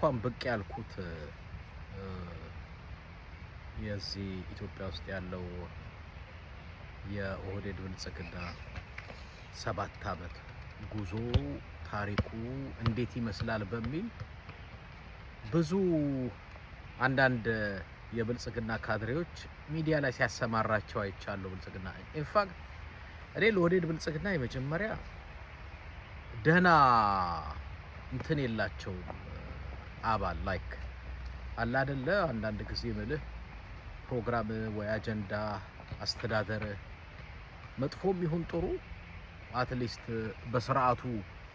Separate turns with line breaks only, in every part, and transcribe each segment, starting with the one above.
እንኳን ብቅ ያልኩት የዚህ ኢትዮጵያ ውስጥ ያለው የኦህዴድ ብልጽግና ሰባት ዓመት ጉዞ ታሪኩ እንዴት ይመስላል በሚል ብዙ አንዳንድ የብልጽግና ካድሬዎች ሚዲያ ላይ ሲያሰማራቸው አይቻሉ። ብልጽግና ኢንፋክት እኔ ለኦህዴድ ብልጽግና የመጀመሪያ ደህና እንትን የላቸውም አባል ላይክ አለ አይደለ አንዳንድ ጊዜ ምልህ ፕሮግራም ወይ አጀንዳ አስተዳደር መጥፎም ይሁን ጥሩ አትሊስት በስርዓቱ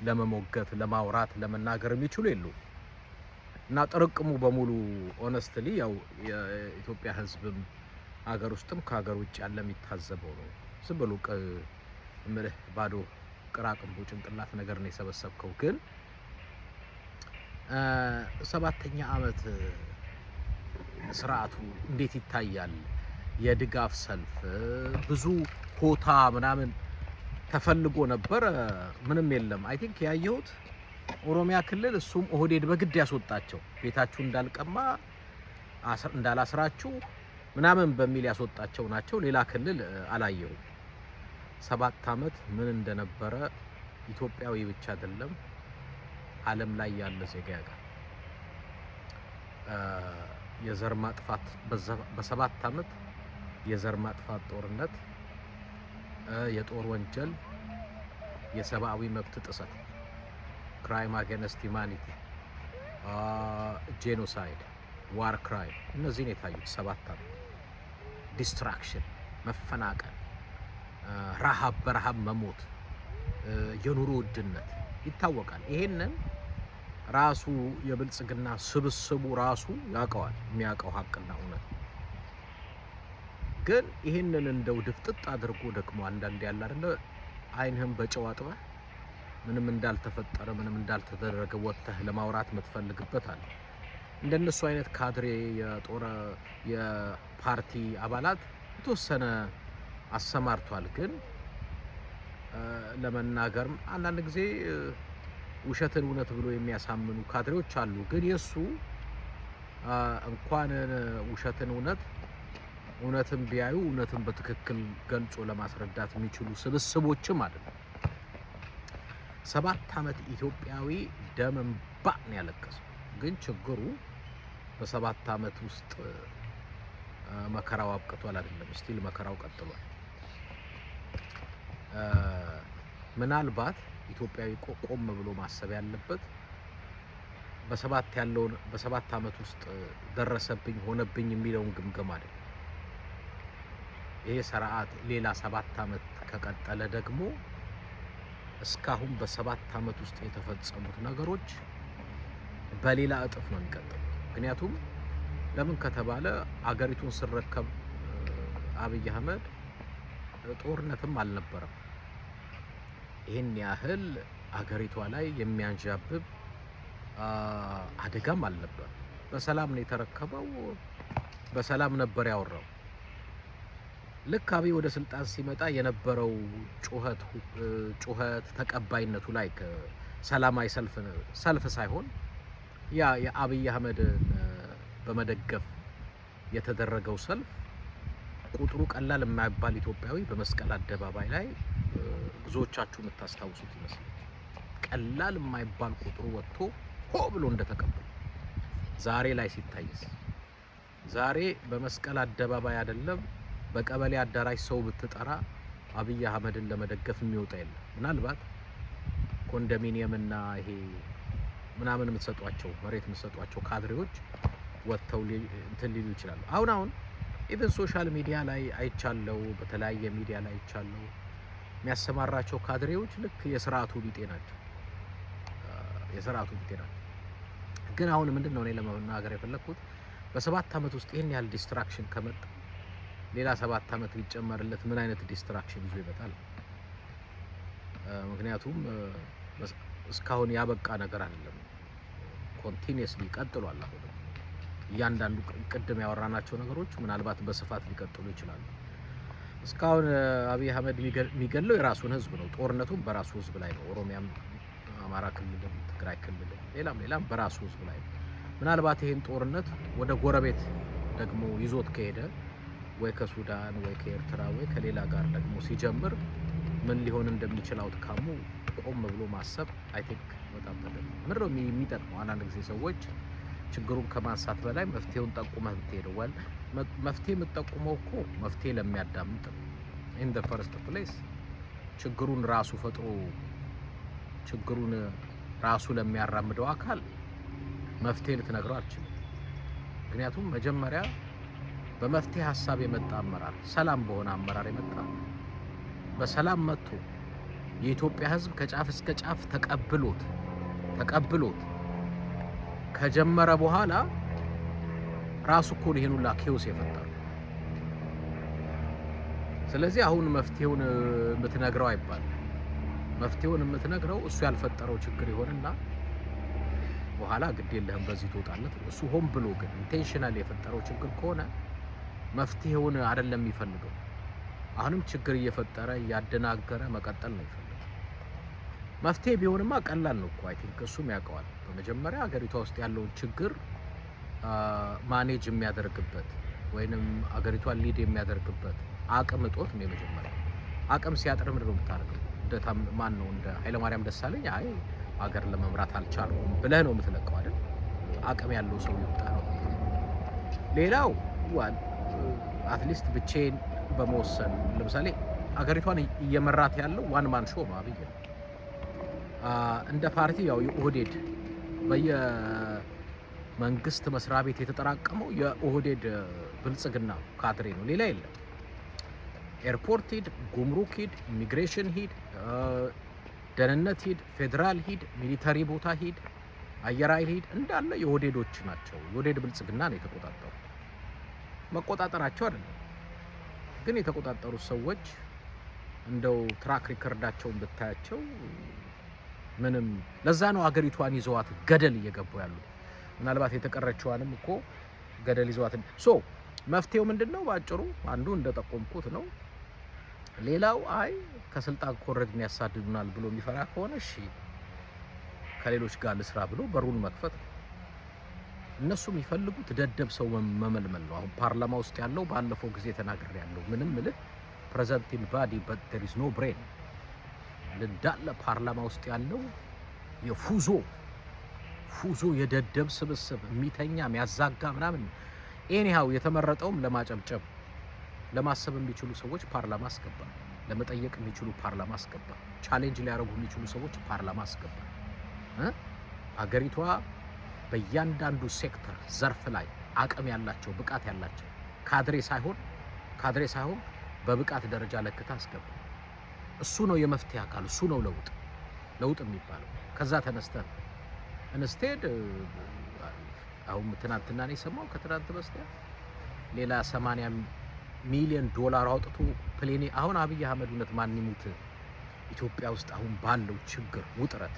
ለመሞገት ለማውራት ለመናገር የሚችሉ የሉ እና ጥርቅሙ በሙሉ ኦነስትሊ ያው የኢትዮጵያ ህዝብም አገር ውስጥም ከሀገር ውጭ ያለ የሚታዘበው ነው። ዝም ብሎ ምልህ ባዶ ቅራቅንቦ ጭንቅላት ነገር ነው የሰበሰብከው ግን ሰባተኛ ዓመት ስርዓቱ እንዴት ይታያል? የድጋፍ ሰልፍ ብዙ ሆታ ምናምን ተፈልጎ ነበር። ምንም የለም። አይ ቲንክ ያየሁት ኦሮሚያ ክልል እሱም ኦህዴድ በግድ ያስወጣቸው ቤታችሁ እንዳልቀማ እንዳላስራችሁ ምናምን በሚል ያስወጣቸው ናቸው። ሌላ ክልል አላየሁም። ሰባት ዓመት ምን እንደነበረ ኢትዮጵያዊ ብቻ አይደለም ዓለም ላይ ያለ ዜጋ ጋር የዘር ማጥፋት በሰባት ዓመት የዘር ማጥፋት ጦርነት፣ የጦር ወንጀል፣ የሰብአዊ መብት ጥሰት፣ ክራይም አገነስት ሂማኒቲ፣ ጄኖሳይድ፣ ዋር ክራይም እነዚህን የታዩት ሰባት ዓመት ዲስትራክሽን፣ መፈናቀል፣ ረሃብ በረሃብ መሞት፣ የኑሮ ውድነት ይታወቃል። ይሄንን ራሱ የብልጽግና ስብስቡ ራሱ ያውቀዋል። የሚያውቀው ሀቅና እውነት ግን ይህንን እንደው ድፍጥጥ አድርጎ ደግሞ አንዳንድ ያለ አይደለ አይንህም በጨው አጥበህ ምንም እንዳልተፈጠረ ምንም እንዳልተደረገ ወጥተህ ለማውራት የምትፈልግበት አለ። እንደነሱ አይነት ካድሬ የጦር የፓርቲ አባላት የተወሰነ አሰማርቷል። ግን ለመናገርም አንዳንድ ጊዜ ውሸትን እውነት ብሎ የሚያሳምኑ ካድሬዎች አሉ። ግን የእሱ እንኳን ውሸትን እውነት እውነትን ቢያዩ እውነትን በትክክል ገልጾ ለማስረዳት የሚችሉ ስብስቦችም ነው። ሰባት ዓመት ኢትዮጵያዊ ደም እንባ ነው ያለቀሰው። ግን ችግሩ በሰባት ዓመት ውስጥ መከራው አብቅቷል አይደለም፣ ስቲል መከራው ቀጥሏል። ምናልባት ኢትዮጵያዊ ቆም ብሎ ማሰብ ያለበት በሰባት ያለውን በሰባት ዓመት ውስጥ ደረሰብኝ ሆነብኝ የሚለውን ግምገም አይደለም። ይሄ ስርዓት ሌላ ሰባት ዓመት ከቀጠለ ደግሞ እስካሁን በሰባት ዓመት ውስጥ የተፈጸሙት ነገሮች በሌላ እጥፍ ነው የሚቀጥሉት። ምክንያቱም ለምን ከተባለ አገሪቱን ስረከብ አብይ አህመድ ጦርነትም አልነበረም። ይህን ያህል አገሪቷ ላይ የሚያንዣብብ አደጋም አልነበር። በሰላም ነው የተረከበው። በሰላም ነበር ያወራው። ልክ አብይ ወደ ስልጣን ሲመጣ የነበረው ጩኸት ጩኸት ተቀባይነቱ ላይ ሰላማዊ ሰልፍ ሰልፍ ሳይሆን ያ የአብይ አህመድ በመደገፍ የተደረገው ሰልፍ ቁጥሩ ቀላል የማይባል ኢትዮጵያዊ በመስቀል አደባባይ ላይ ብዙዎቻችሁ የምታስታውሱት ይመስላል። ቀላል የማይባል ቁጥሩ ወጥቶ ሆ ብሎ እንደተቀበሉ ዛሬ ላይ ሲታይስ፣ ዛሬ በመስቀል አደባባይ አይደለም በቀበሌ አዳራሽ ሰው ብትጠራ አብይ አህመድን ለመደገፍ የሚወጣ የለም። ምናልባት ኮንዶሚኒየምና ይሄ ምናምን የምትሰጧቸው መሬት የምትሰጧቸው ካድሬዎች ወጥተው እንትን ሊሉ ይችላሉ። አሁን አሁን ኢቨን ሶሻል ሚዲያ ላይ አይቻለው፣ በተለያየ ሚዲያ ላይ አይቻለው። የሚያሰማራቸው ካድሬዎች ልክ የስርዓቱ ቢጤ ናቸው። የስርዓቱ ቢጤ ናቸው። ግን አሁን ምንድን ነው እኔ ለመናገር የፈለግኩት በሰባት ዓመት ውስጥ ይህን ያህል ዲስትራክሽን ከመጣ ሌላ ሰባት ዓመት ሊጨመርለት ምን አይነት ዲስትራክሽን ይዞ ይመጣል? ምክንያቱም እስካሁን ያበቃ ነገር አይደለም። ኮንቲኒየስሊ ቀጥሏል። አሁን እያንዳንዱ ቅድም ያወራናቸው ነገሮች ምናልባት በስፋት ሊቀጥሉ ይችላሉ። እስካሁን አብይ አህመድ የሚገለው የራሱን ህዝብ ነው። ጦርነቱም በራሱ ህዝብ ላይ ነው። ኦሮሚያም፣ አማራ ክልልም፣ ትግራይ ክልልም፣ ሌላም ሌላም በራሱ ህዝብ ላይ ነው። ምናልባት ይህን ጦርነት ወደ ጎረቤት ደግሞ ይዞት ከሄደ ወይ ከሱዳን ወይ ከኤርትራ ወይ ከሌላ ጋር ደግሞ ሲጀምር ምን ሊሆን እንደሚችል አውትካሙ ቆም ብሎ ማሰብ አይ ቲንክ በጣም ተገቢ። ምንድነው የሚጠቅመው? አንዳንድ ጊዜ ሰዎች ችግሩን ከማንሳት በላይ መፍትሄውን ጠቁመህ ብትሄደው መፍትሄ የምትጠቁመው እኮ መፍትሄ ለሚያዳምጥ ኢን ደ ፈርስት ፕሌስ ችግሩን ራሱ ፈጥሮ ችግሩን ራሱ ለሚያራምደው አካል መፍትሄ ልትነግረው አልችልም። ምክንያቱም መጀመሪያ በመፍትሄ ሀሳብ የመጣ አመራር ሰላም በሆነ አመራር የመጣ በሰላም መጥቶ የኢትዮጵያ ሕዝብ ከጫፍ እስከ ጫፍ ተቀብሎት ተቀብሎት ከጀመረ በኋላ ራሱ እኮ ነው ይሄን ሁላ ኬዎስ የፈጠረው። ስለዚህ አሁን መፍትሄውን የምትነግረው አይባል፣ መፍትሄውን የምትነግረው እሱ ያልፈጠረው ችግር ይሆንና በኋላ ግድ የለህም በዚህ ትወጣለት። እሱ ሆን ብሎ ግን ኢንቴንሽናል የፈጠረው ችግር ከሆነ መፍትሄውን አይደለም የሚፈልገው። አሁንም ችግር እየፈጠረ እያደናገረ መቀጠል ነው። መፍትሄ ቢሆንማ ቀላል ነው እኮ አይ ቲንክ እሱም ያውቀዋል። በመጀመሪያ ሀገሪቷ ውስጥ ያለውን ችግር ማኔጅ የሚያደርግበት ወይንም አገሪቷን ሊድ የሚያደርግበት አቅም እጦት ነው። የመጀመሪያ አቅም ሲያጥር ምንድን ነው የምታደርገው? እንደ ማን ነው እንደ ኃይለማርያም ደሳለኝ አይ ሀገር ለመምራት አልቻልኩም ብለህ ነው የምትለቀው አይደል? አቅም ያለው ሰው ይምጣ ነው። ሌላው አትሊስት ብቼን በመወሰን ለምሳሌ አገሪቷን እየመራት ያለው ዋን ማን ሾ አብይ ነው። እንደ ፓርቲ ያው የኦህዴድ በየመንግስት መስሪያ ቤት የተጠራቀመው የኦህዴድ ብልጽግና ካድሬ ነው፣ ሌላ የለም። ኤርፖርት ሂድ፣ ጉምሩክ ሂድ፣ ኢሚግሬሽን ሂድ፣ ደህንነት ሂድ፣ ፌዴራል ሂድ፣ ሚሊተሪ ቦታ ሂድ፣ አየር ኃይል ሂድ፣ እንዳለ የኦህዴዶች ናቸው። የኦህዴድ ብልጽግና ነው የተቆጣጠሩ። መቆጣጠራቸው አይደለም ግን የተቆጣጠሩት ሰዎች እንደው ትራክ ሪከርዳቸውን ብታያቸው ምንም ለዛ ነው አገሪቷን ይዘዋት ገደል እየገቡ ያሉት። ምናልባት የተቀረችዋንም እኮ ገደል ይዘዋት ሶ መፍትሄው ምንድን ነው? በአጭሩ አንዱ እንደጠቆምኩት ነው። ሌላው አይ ከስልጣን ኮረድን ያሳድዱናል ብሎ የሚፈራ ከሆነ እሺ ከሌሎች ጋር ልስራ ብሎ በሩን መክፈት ነው። እነሱ የሚፈልጉት ደደብ ሰው መመልመል ነው። አሁን ፓርላማ ውስጥ ያለው ባለፈው ጊዜ ተናግሬ ያለው ምንም ምልህ ፕሬዘንት ኢን ባዲ በት ዜር ኢዝ ኖ ብሬን እንዳለ ፓርላማ ውስጥ ያለው የፉዞ ፉዞ የደደብ ስብስብ የሚተኛ የሚያዛጋ ምናምን ኤኒሃው የተመረጠውም ለማጨብጨብ ለማሰብ የሚችሉ ሰዎች ፓርላማ አስገባ፣ ለመጠየቅ የሚችሉ ፓርላማ አስገባ፣ ቻሌንጅ ሊያደርጉ የሚችሉ ሰዎች ፓርላማ አስገባ። አገሪቷ በእያንዳንዱ ሴክተር ዘርፍ ላይ አቅም ያላቸው ብቃት ያላቸው ካድሬ ሳይሆን ካድሬ ሳይሆን በብቃት ደረጃ ለክታ አስገባ። እሱ ነው የመፍትሄ አካል። እሱ ነው ለውጥ ለውጥ የሚባለው ከዛ ተነስተን እንስቴድ አሁን ትናንትና ነው የሰማው፣ ከትናንት በስቲያ ሌላ 80 ሚሊዮን ዶላር አውጥቶ ፕሌኔ አሁን አብይ አህመድ እውነት ማን ይሙት ኢትዮጵያ ውስጥ አሁን ባለው ችግር ውጥረት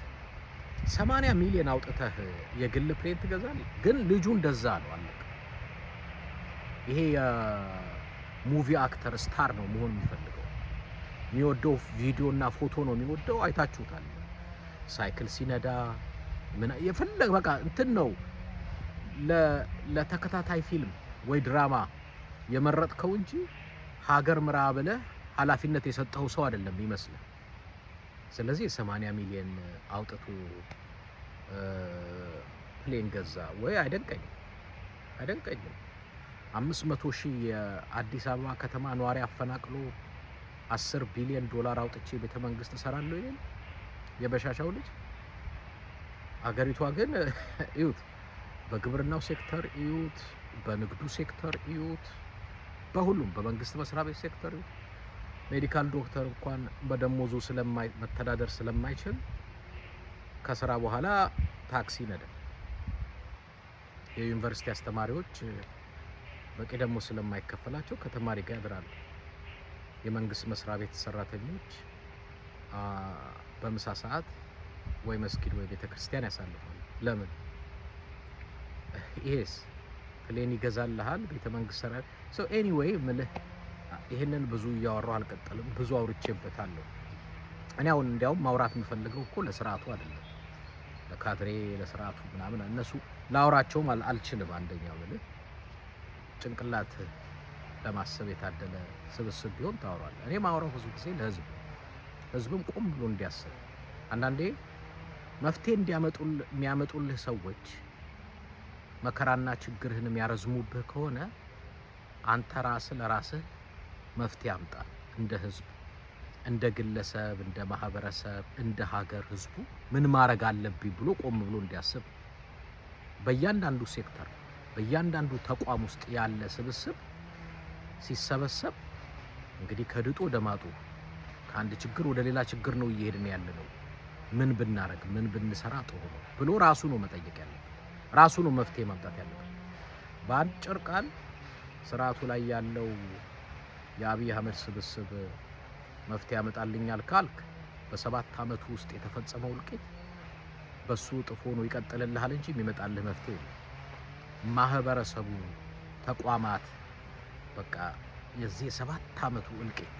80 ሚሊዮን አውጥተህ የግል ፕሌን ትገዛለህ። ግን ልጁ እንደዛ አለው አለቀ። ይሄ የሙቪ አክተር ስታር ነው መሆን የሚፈልገው የሚወደው ቪዲዮ እና ፎቶ ነው የሚወደው። አይታችሁታል። ሳይክል ሲነዳ የፈለግ በቃ እንትን ነው ለተከታታይ ፊልም ወይ ድራማ የመረጥከው እንጂ ሀገር ምራ ብለህ ኃላፊነት የሰጠው ሰው አይደለም ይመስላል። ስለዚህ 80 ሚሊዮን አውጥቶ ፕሌን ገዛ ወይ አይደንቀኝም፣ አይደንቀኝም። አምስት መቶ ሺህ የአዲስ አበባ ከተማ ነዋሪ አፈናቅሎ አስር ቢሊዮን ዶላር አውጥቼ ቤተ መንግስት እሰራለሁ ይል የበሻሻው ልጅ። አገሪቷ ግን እዩት፣ በግብርናው ሴክተር እዩት፣ በንግዱ ሴክተር እዩት፣ በሁሉም በመንግስት መስሪያ ቤት ሴክተር እዩት፣ ሜዲካል ዶክተር እንኳን በደሞዙ ስለማይ መተዳደር ስለማይችል ከስራ በኋላ ታክሲ ነደ። የዩኒቨርሲቲ አስተማሪዎች በቂ ደሞዝ ስለማይከፈላቸው ከተማሪ ጋር ያድራሉ። የመንግስት መስሪያ ቤት ሰራተኞች በምሳ ሰዓት ወይ መስጊድ ወይ ቤተ ክርስቲያን ያሳልፋሉ። ለምን? ይሄስ ፕሌን ይገዛልሃል፣ ቤተ መንግስት ሰራ ሶ ኤኒዌይ ምልህ ይህንን ብዙ እያወራሁ አልቀጠልም። ብዙ አውርቼበታለሁ። እኔ አሁን እንዲያውም ማውራት የምፈልገው እኮ ለስርዓቱ አይደለም፣ ለካድሬ ለስርዓቱ ምናምን እነሱ ላውራቸውም አልችልም። አንደኛው ምልህ ጭንቅላት ለማሰብ የታደለ ስብስብ ቢሆን ታወሯል። እኔ ማውራው ብዙ ጊዜ ለህዝብ ህዝብም ቆም ብሎ እንዲያስብ አንዳንዴ መፍትሄ የሚያመጡልህ ሰዎች መከራና ችግርህን የሚያረዝሙብህ ከሆነ አንተ ራስህ ለራስህ መፍትሄ አምጣ። እንደ ህዝብ፣ እንደ ግለሰብ፣ እንደ ማህበረሰብ፣ እንደ ሀገር ህዝቡ ምን ማድረግ አለብኝ ብሎ ቆም ብሎ እንዲያስብ በእያንዳንዱ ሴክተር በእያንዳንዱ ተቋም ውስጥ ያለ ስብስብ ሲሰበሰብ እንግዲህ ከድጡ ወደ ማጡ ከአንድ ችግር ወደ ሌላ ችግር ነው እየሄድን ያለ ነው። ምን ብናረግ ምን ብንሰራ ጥሩ ነው ብሎ ራሱ ነው መጠየቅ ያለበት፣ ራሱ ነው መፍትሄ ማምጣት ያለበት። በአጭር ቃል ስርዓቱ ላይ ያለው የአብይ አህመድ ስብስብ መፍትሄ ያመጣልኛል ካልክ በሰባት ዓመቱ ውስጥ የተፈጸመው እልቂት በሱ ጥፎ ነው ይቀጥልልሃል እንጂ የሚመጣልህ መፍትሄ ማህበረሰቡ ተቋማት በቃ የዚህ የሰባት አመቱ እልቂት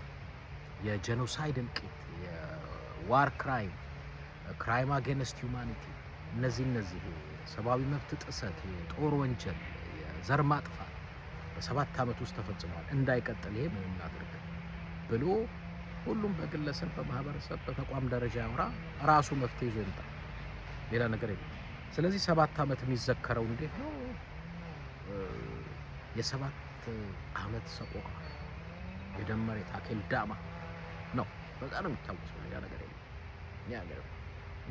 የጀኖሳይድ እልቂት የዋር ክራይም ክራይም አጌንስት ሁማኒቲ እነዚህ እነዚህ ሰብአዊ መብት ጥሰት፣ የጦር ወንጀል፣ የዘር ማጥፋት በሰባት ዓመት ውስጥ ተፈጽሟል። እንዳይቀጥል ይሄ ምን እናድርግ ብሎ ሁሉም በግለሰብ በማህበረሰብ በተቋም ደረጃ ያወራ ራሱ መፍትሄ ይዞ ይምጣ። ሌላ ነገር የለም። ስለዚህ ሰባት ዓመት የሚዘከረው እንዴት ነው? የሰባት የአመት ሰቆቃ የደም መሬት ዳማ ነው። በዛ ነው የሚታወሰው። ሌላ ነገር የለም። ያ ነገር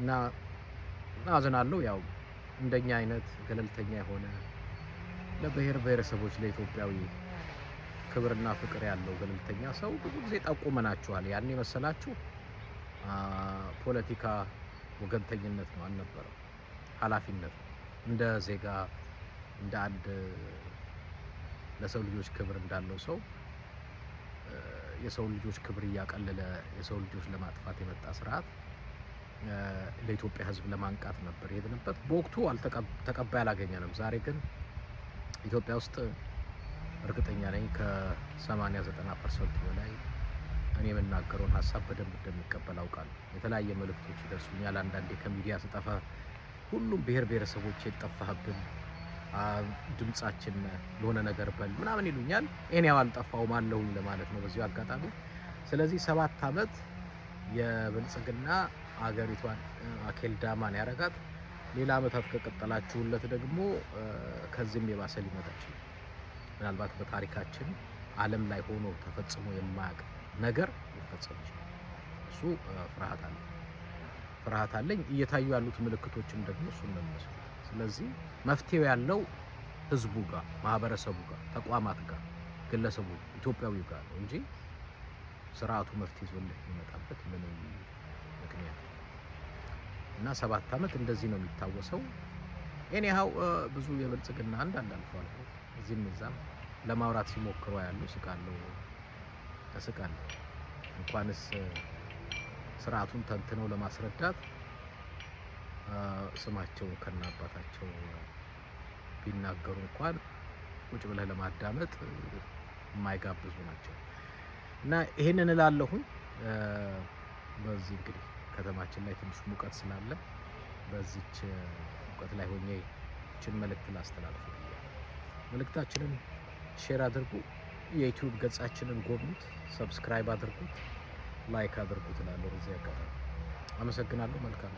እና አዝናለሁ። ያው እንደኛ አይነት ገለልተኛ የሆነ ለብሔር ብሔረሰቦች ለኢትዮጵያዊ ክብርና ፍቅር ያለው ገለልተኛ ሰው ብዙ ጊዜ ጠቁመናችኋል። ያን የመሰላችሁ ፖለቲካ ወገንተኝነት ነው አልነበረም፣ ኃላፊነት እንደ ዜጋ እንደ አንድ ለሰው ልጆች ክብር እንዳለው ሰው የሰው ልጆች ክብር እያቀለለ የሰው ልጆች ለማጥፋት የመጣ ስርዓት ለኢትዮጵያ ሕዝብ ለማንቃት ነበር የሄድንበት። በወቅቱ ተቀባይ አላገኘንም። ዛሬ ግን ኢትዮጵያ ውስጥ እርግጠኛ ነኝ ከ80 90 ፐርሰንት በላይ እኔ የምናገረውን ሀሳብ በደንብ እንደሚቀበል አውቃለሁ። የተለያየ መልእክቶች ይደርሱኛል። አንዳንዴ ከሚዲያ ስጠፋ ሁሉም ብሔር ብሔረሰቦች የጠፋህብን ድምጻችን ለሆነ ነገር በል ምናምን ይሉኛል። እኔው አልጠፋውም አለሁኝ ለማለት ነው በዚሁ አጋጣሚ። ስለዚህ ሰባት ዓመት የብልጽግና አገሪቷን አኬልዳማ ዳማን ያረጋት። ሌላ ዓመታት ከቀጠላችሁለት ደግሞ ከዚህም የባሰ ሊመጣ ምናልባት በታሪካችን ዓለም ላይ ሆኖ ተፈጽሞ የማያውቅ ነገር ሊፈጸም ይችላል። እሱ ፍርሃት አለ ፍርሃት አለኝ። እየታዩ ያሉት ምልክቶችም ደግሞ እሱን ነው የሚመስሉት። ስለዚህ መፍትሄው ያለው ህዝቡ ጋር፣ ማህበረሰቡ ጋር፣ ተቋማት ጋር፣ ግለሰቡ ኢትዮጵያዊ ጋር ነው እንጂ ስርዓቱ መፍትሄ ዞን የሚመጣበት ምንም ምክንያት እና ሰባት ዓመት እንደዚህ ነው የሚታወሰው። ኤኒሃው ብዙ የብልጽግና አንዳንድ አልፎ አልፎ እዚህም እዛም ለማውራት ሲሞክሩ ያሉ ስቃለው ተስቃለሁ እንኳንስ ስርዓቱን ተንትነው ለማስረዳት ስማቸው ከና አባታቸው ቢናገሩ እንኳን ቁጭ ብለህ ለማዳመጥ የማይጋብዙ ናቸው እና ይህንን እላለሁኝ። በዚህ እንግዲህ ከተማችን ላይ ትንሽ ሙቀት ስላለ በዚች ሙቀት ላይ ሆኜ ችን መልእክት ላስተላልፍ። መልእክታችንን ሼር አድርጉ፣ የዩቲዩብ ገጻችንን ጎብኙት፣ ሰብስክራይብ አድርጉት፣ ላይክ አድርጉት እላለሁ። በዚህ አጋጣሚ አመሰግናለሁ። መልካም